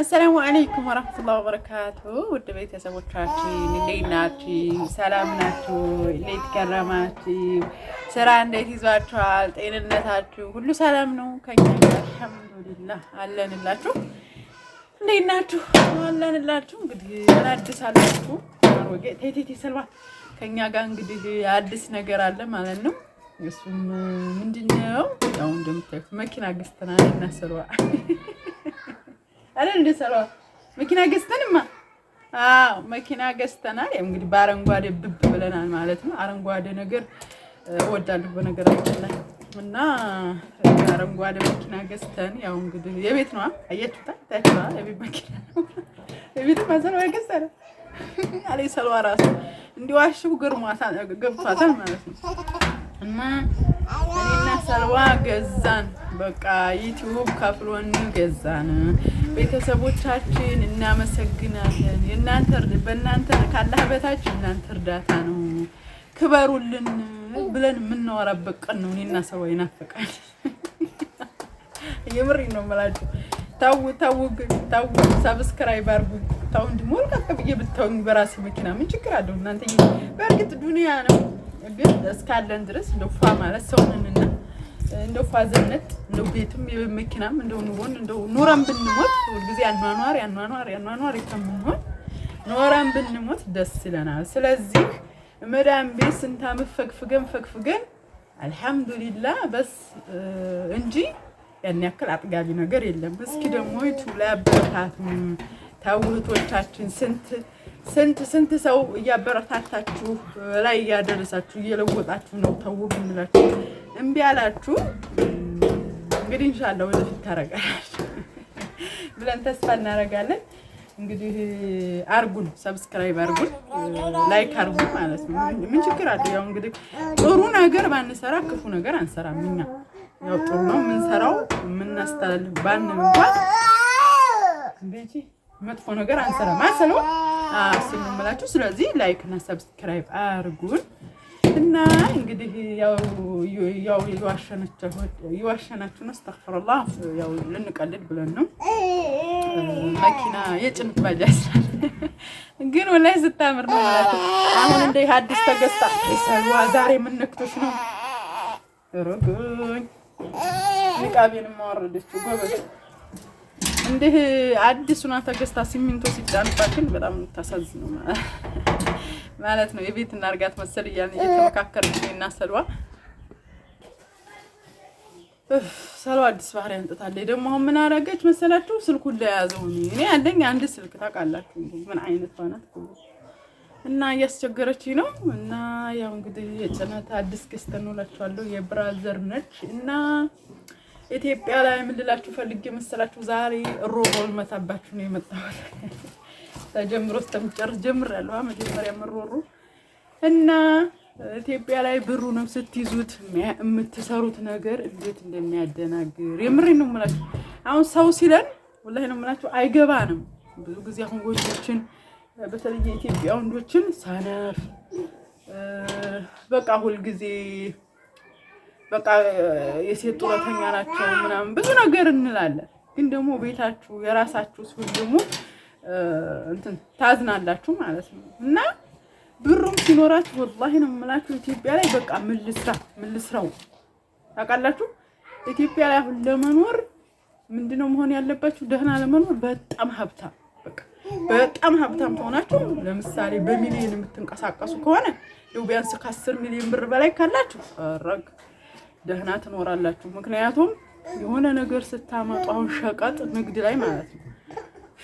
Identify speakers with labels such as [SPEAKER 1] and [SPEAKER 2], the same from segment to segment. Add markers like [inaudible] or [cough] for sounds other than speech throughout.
[SPEAKER 1] አሰላሙ አለይኩም ወረህመቱላሂ ወበረካቱ ውድ ቤተሰቦቻችን እንዴት ናችሁ? ሰላም ናችሁ? እንዴት ከረማችሁ? ስራ እንዴት ይዟችኋል? ጤንነታችሁ ሁሉ ሰላም ነው? ከኛ አልሐምዱሊላህ አለንላችሁ። እንዴት ናችሁ? አለንላችሁ። እንግዲህ አዲስ አላችሁ ቴቴቴ ሰልባት ከኛ ጋር እንግዲህ አዲስ ነገር አለ ማለት ነው። እሱም ምንድን ያው እንደምታዩት መኪና ገዝተናል እናስረዋል አረ እንደ ሰራው መኪና ገዝተንማ አዎ መኪና ገዝተናል። እንግዲህ በአረንጓዴ ብብ ብለናል ማለት ነው። አረንጓዴ ነገር እወዳለሁ በነገራችን ላይ እና አረንጓዴ መኪና ገዝተን ያው እንግዲህ የቤት ነው። አያችሁታ ታችኋ የቤት መኪና ነው። የቤት ማሰሮ ገዝተን አለ ሰልዋ ራሱ እንዲዋሽው ግርሟታል ገብቷታል ማለት ነው። እና እኔና ሰልዋ ገዛን በቃ ዩቲዩብ ከፍሎን ገዛን። ቤተሰቦቻችን እናመሰግናለን። የእናንተ በእናንተ ካላህ በታች እናንተ እርዳታ ነው ክበሩልን ብለን የምናወራበት ቀን ነው። እኔና ሰው ይናፈቃል። የምሬ ነው የምላችሁ። ታው ታው ታው ሰብስክራይብ አድርጉ። ታው እንድሞል ቀጥ ብዬ ብታውኝ በራሴ መኪና ምን ችግር አለው እናንተ? በእርግጥ ዱንያ ነው ግን እስካለን ድረስ ለፋ ማለት ሰውንንና እንደው ፋዘርነት እንደው ቤትም መኪናም እንደው ንቦን እንደው ኖረን ብንሞት ሁልጊዜ ያኗኗር ያኗኗር ያኗኗር ከምንሆን ኖረን ብንሞት ደስ ይለናል። ስለዚህ መዳም ቤት ስንት ዓመት ፈግፍገን ፈግፍገን አልሐምዱሊላ በስ እንጂ ያን ያክል አጥጋቢ ነገር የለም። እስኪ ደግሞ ዩቱብ ላይ ታውህቶቻችን ስንት ስንት ስንት ሰው እያበረታታችሁ ላይ እያደረሳችሁ እየለወጣችሁ ነው ተው ብንላችሁ እምቢ አላችሁ እንግዲህ እንሻላ ወደፊት ታረጋላችሁ [laughs] ብለን ተስፋ እናደርጋለን። እንግዲህ አርጉን፣ ሰብስክራይብ አርጉን፣ ላይክ አርጉን ማለት ነው። ምን ችግር አለ? ያው እንግዲህ ጥሩ ነገር ባንሰራ ክፉ ነገር አንሰራም። እኛ ያው ጥሩ ነው የምንሰራው የምናስተላልፍ እንኳን መጥፎ ነገር አንሰራም። ስለዚህ ላይክ እና ሰብስክራይብ አርጉን። እና እንግዲህ ያው የዋሸናችሁን አስተፍርላ ያው ልንቀልድ ብለን ነው። መኪና የጭነት ባጃጅ ግን ወላሂ ስታምር ነው ማለት አሁን እንደ አዲስ ተገዝታ ሰዋ ዛሬ የምንክቶች ነው ርጉኝ ሊቃቤን ማወረደችው ጎበዝ እንዲህ አዲሱና ተገዝታ ሲሚንቶ ሲጫንባት ግን በጣም ታሳዝነው ማለት ማለት ነው። የቤት እናርጋት መሰል እያልን እየተመካከርን እና ሰልዋ ሰልዋ አዲስ ባህሪ ያንጥታለች። ደግሞ አሁን ምን አረገች መሰላችሁ? ስልኩን ለያዘው እኔ አለኝ አንድ ስልክ ታውቃላችሁ፣ ምን አይነት ሆናት እና እያስቸገረች ነው። እና ያው እንግዲህ የጭነት አዲስ ገዝተን እንውላችኋለሁ። የብራዘር ነች እና ኢትዮጵያ ላይ የምልላችሁ ፈልጌ መሰላችሁ ዛሬ ሮሮ መታባችሁ ነው የመጣሁት። ተጀምሮ እስከሚጨርስ ጀምሬያለሁ። መጀመሪያ መሮሩ እና ኢትዮጵያ ላይ ብሩ ነው ስትይዙት የምትሰሩት ነገር እንዴት እንደሚያደናግር የምሬ ነው የምላችሁ። አሁን ሰው ሲለን ወላሂ ነው የምላችሁ አይገባንም። ብዙ ጊዜ አሁን ወንዶችን በተለይ የኢትዮጵያ ወንዶችን ሰነፍ በቃ ሁልጊዜ በቃ የሴት ጡረተኛ ናቸው ምናምን ብዙ ነገር እንላለን። ግን ደግሞ ቤታችሁ የራሳችሁ ሲሆን ደግሞ እንትን ታዝናላችሁ ማለት ነው። እና ብሩም ሲኖራችሁ ወላሂ ነው የምላችሁ ኢትዮጵያ ላይ በቃ ምን ልስራ ምን ልስራው ታውቃላችሁ። ኢትዮጵያ ላይ አሁን ለመኖር ምንድነው መሆን ያለባችሁ? ደህና ለመኖር በጣም ሀብታም በቃ በጣም ሀብታም ከሆናችሁ ለምሳሌ በሚሊዮን የምትንቀሳቀሱ ከሆነ ይኸው ቢያንስ ከአስር ሚሊዮን ብር በላይ ካላችሁ ረግ ደህና ትኖራላችሁ። ምክንያቱም የሆነ ነገር ስታመጡ አሁን ሸቀጥ ንግድ ላይ ማለት ነው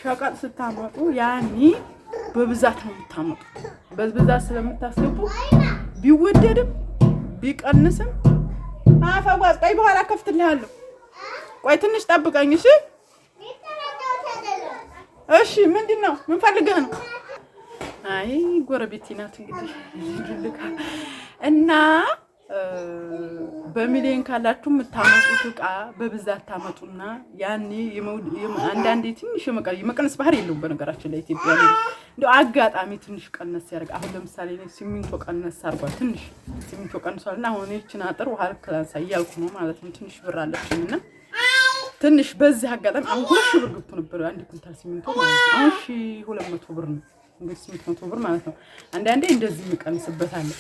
[SPEAKER 1] ሸቀጥ ስታመጡ ያኔ በብዛት ነው የምታመጡ በብዛት ስለምታስገቡ ቢወደድም ቢቀንስም አፈጓዝ ቀይ በኋላ ከፍትልሃለሁ። ቆይ ትንሽ ጠብቀኝ። እሺ፣ እሺ። ምንድን ነው ምን ፈልገህ ነው? አይ ጎረቤቴ ናት እንግዲህ እና በሚሊዮን ካላችሁ የምታመጡት እቃ በብዛት ታመጡና ያኔ አንዳንዴ ትንሽ የመቀነስ ባህር የለውም። በነገራችን ላይ ኢትዮጵያ እንደ አጋጣሚ ትንሽ ቀነስ ያደርግ። አሁን ለምሳሌ ሲሚንቶ ቀነስ አርጓል፣ ትንሽ ሲሚንቶ ቀንሷል። እና አሁን ይህችን አጥር ውሃ ክላንሳ እያልኩ ነው ማለት ነው። ትንሽ ብር አለችን እና ትንሽ በዚህ አጋጣሚ አሁን ሁለት ሺህ ብር ገብቶ ነበር አንድ ኩንታል ሲሚንቶ ማለት ነው። አሁን ሺህ ሁለት መቶ ብር ነው እንግዲህ፣ ስምንት መቶ ብር ማለት ነው። አንዳንዴ እንደዚህ የሚቀንስበት አለ።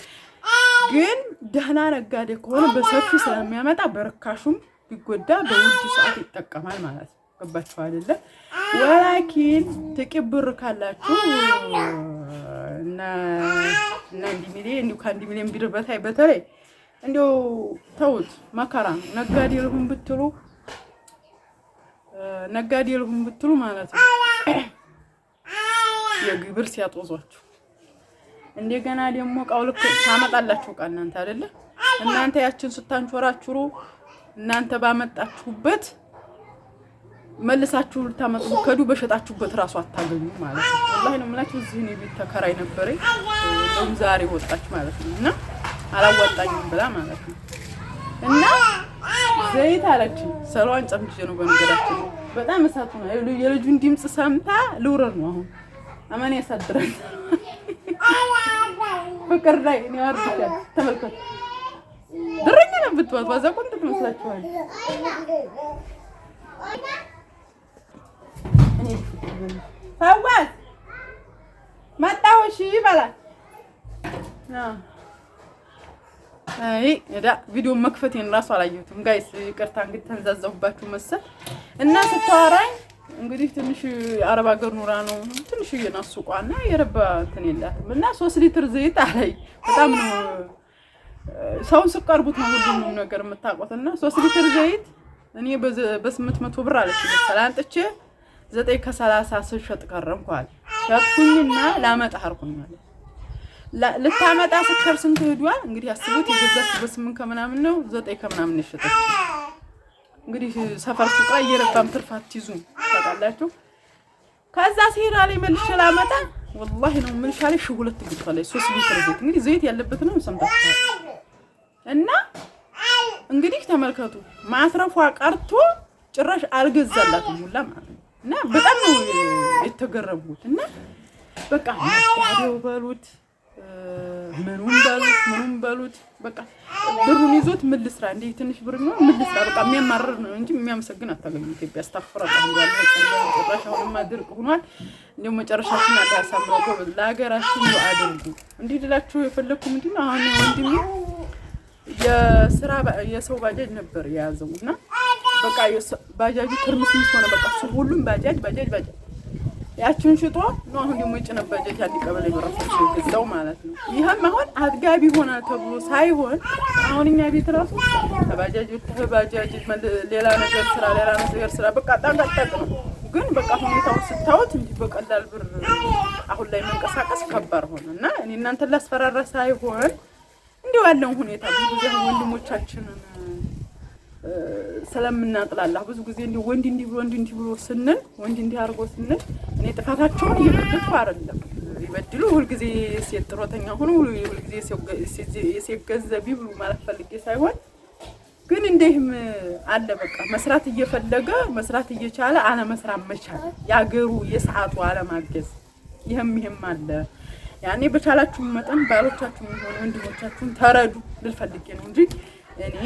[SPEAKER 1] ግን ደህና ነጋዴ ከሆነ በሰፊ ስለሚያመጣ በርካሹም ቢጎዳ በውድ ሰዓት ይጠቀማል ማለት ነው። ገባችሁ አይደለ? ወላኪን ጥቂት ብር ካላችሁ እና አንድ ሚሊዮን እንዲሁ ከአንድ ሚሊዮን ቢር በታይ በተለይ እንዲሁ ተውት፣ መከራ ነጋዴ ልሁን ብትሉ ነጋዴ ልሁን ብትሉ ማለት ነው የግብር ሲያጦዟችሁ እንደገና ደግሞ እቃው ልክ ታመጣላችሁ እቃ እናንተ አይደለ እናንተ ያችን ስታንቾራችሩ እናንተ ባመጣችሁበት መልሳችሁ ልታመጡ ከዱ በሸጣችሁበት ራሱ አታገኙ ማለት ነው። ወላሂ ነው የምላችሁ። እዚህ እኔ ቤት ተከራይ ነበረኝ እንደውም ዛሬ ወጣች ማለት ነው። እና አላዋጣኝም ብላ ማለት ነው። እና ዘይት አለች ሰሏን ጨምቼ ነው በነገራችን በጣም እሳቱ ነው። የልጁን ድምፅ ሰምታ ልውረር ነው አሁን አማን ያሳድራል ፍቅር ላይ እኔ አርፍሻል። ተመልከቱ፣ ድረኛ ነው ብትባት ባዛ ቆንጆ ትመስላችኋል። ፈዋዝ መጣሁ። እሺ ይበላል። አይ እዳ ቪዲዮ መክፈቴን እራሱ አላየሁትም። ጋይስ ይቅርታ እንግዲህ ተንዛዛሁባችሁ መሰል እና ስታወራኝ እንግዲህ ትንሽ አረብ ሀገር ኑራ ነው ትንሽ እየናሱቋና የረባ እንትን የላትም እና ሶስት ሊትር ዘይት አለኝ። በጣም ነው ሰውን ስቀርቡት ነው ሁሉም ነገር የምታውቁት። እና ሶስት ሊትር ዘይት እኔ በስምንት መቶ ብር አለች መሰል አንጥቼ ዘጠኝ ከሰላሳ ስሸጥ ቀረምኳል። ሸጥኩኝና ላመጣ አርኩኝ ማለት ልታመጣ ስከር ስንት ሄዷል እንግዲህ አስቡት። የገዛች በስምንት ከምናምን ነው ዘጠኝ ከምናምን የሸጠች እንግዲህ ሰፈር ፍቅራ ላይ እየረባም ትርፍ አትይዙ ታውቃላችሁ። ከዛ ሲሄድ ላይ መልሼ ላመጣ ወላሂ ነው ምን ሻለ ሺህ ሁለት ጉድፋ ላይ ሶስት ሊትር ዘይት እንግዲህ ዘይት ያለበት ነው ሰምታችኋል። እና እንግዲህ ተመልከቱ ማትረፏ ቀርቶ ጭራሽ አልገዛላትም ሁላ ማለት ነው። እና በጣም ነው የተገረምኩት እና በቃ ያደው በሉት ምኑም በሉት ምኑም በሉት በቃ ብሩን ይዞት ምን ልስራ እንደ ትንሽ ብር ነው ምን ልስራ በቃ የሚያማርር ነው እንጂ የሚያመሰግን አታገኙ። ኢትዮጵያ አስታፍራል። ጭራሽ ድርቅ ሆኗል። እንዲሁ መጨረሻችን አታሳምረጎ ለሀገራችን አድርጉ። እንዲህ ልላችሁ የፈለግኩ ምንድን ነው አሁን ወንድሜ የስራ የሰው ባጃጅ ነበር የያዘው እና በቃ ባጃጁ ትርምስምስ ሆነ። በቃ ሁሉም ባጃጅ ባጃጅ ባጃጅ ያችን ሽጦ ነው አሁን ደግሞ የጭነበጀት ያዲቀበለ በራሳቸው የገዛው ማለት ነው። ይህም አሁን አጥጋቢ ሆነ ተብሎ ሳይሆን አሁን እኛ ቤት ራሱ ተባጃጅ ተባጃጅ ሌላ ነገር ስራ ሌላ ነገር ስራ በቃ ጣጣጣጥ ነው። ግን በቃ ሁኔታውን ስታወት እንዲህ በቀላል ብር አሁን ላይ መንቀሳቀስ ከባድ ሆነ እና እኔ እናንተን ላስፈራራ ሳይሆን እንዲሁ ያለውን ሁኔታ ብዙ ጊዜ ወንድሞቻችንን ስለምናጥላላ ብዙ ጊዜ እንዲህ ወንድ እንዲህ ብሎ እንዲህ እንዲህ ብሎ ስንል ወንድ እንዲህ አድርጎ ስንል እኔ ጥፋታቸውን እየበደልኩ አይደለም። ይበድሉ ሁልጊዜ ሴት ጥሮተኛ ሆኖ ሁልጊዜ የሴት ገንዘብ ይብሉ ማለት ፈልጌ ሳይሆን ግን እንዲህም አለ። በቃ መስራት እየፈለገ መስራት እየቻለ አለመስራት መቻል የአገሩ የሰዓቱ አለማገዝ ይህም ይህም አለ። ያኔ በቻላችሁ መጠን ባሎቻችሁ ሆነ ወንድሞቻችሁን ተረዱ ልልፈልጌ ነው እንጂ እኔ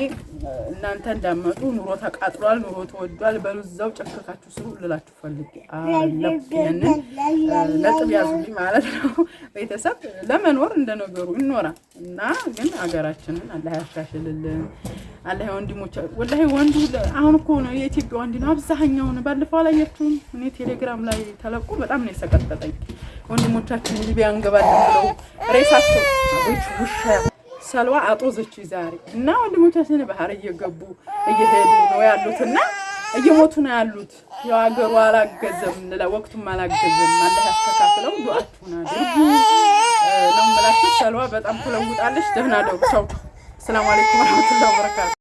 [SPEAKER 1] እናንተ እንዳመጡ ኑሮ ተቃጥሏል፣ ኑሮ ተወዷል፣ በሉ እዛው ጨክካችሁ ስሩ ልላችሁ ፈልጌ ያንን ነጥብ ያዙልኝ ማለት ነው። ቤተሰብ ለመኖር እንደነገሩ ይኖራል እና ግን ሀገራችንን አላህ ያሻሽልልን። አላህ ወንድሞች ወላሂ ወንዱ አሁን እኮ ነው የኢትዮጵያ ወንድ ነው አብዛኛውን። ባለፈው አላያችሁም? እኔ ቴሌግራም ላይ ተለቁ በጣም ነው የሰቀጠጠኝ። ወንድሞቻችን ሊቢያ እንገባለን ብለው ሬሳቸው ውሻ ሰልዋ አጦዘች ዛሬ እና ወንድሞቻችን ባህር እየገቡ እየሄዱ ነው ያሉት እና እየሞቱ ነው ያሉት። ያው አገሩ አላገዘም፣ ወቅቱም አላገዘም። አለ ያስተካክለው። ዱአችሁን አድርጉ ነው የምላችሁ። ሰልዋ በጣም ተለውጣለች። ደህና ደሩ ሰው። ሰላም አለይኩም ወራህመቱላሂ ወበረካቱ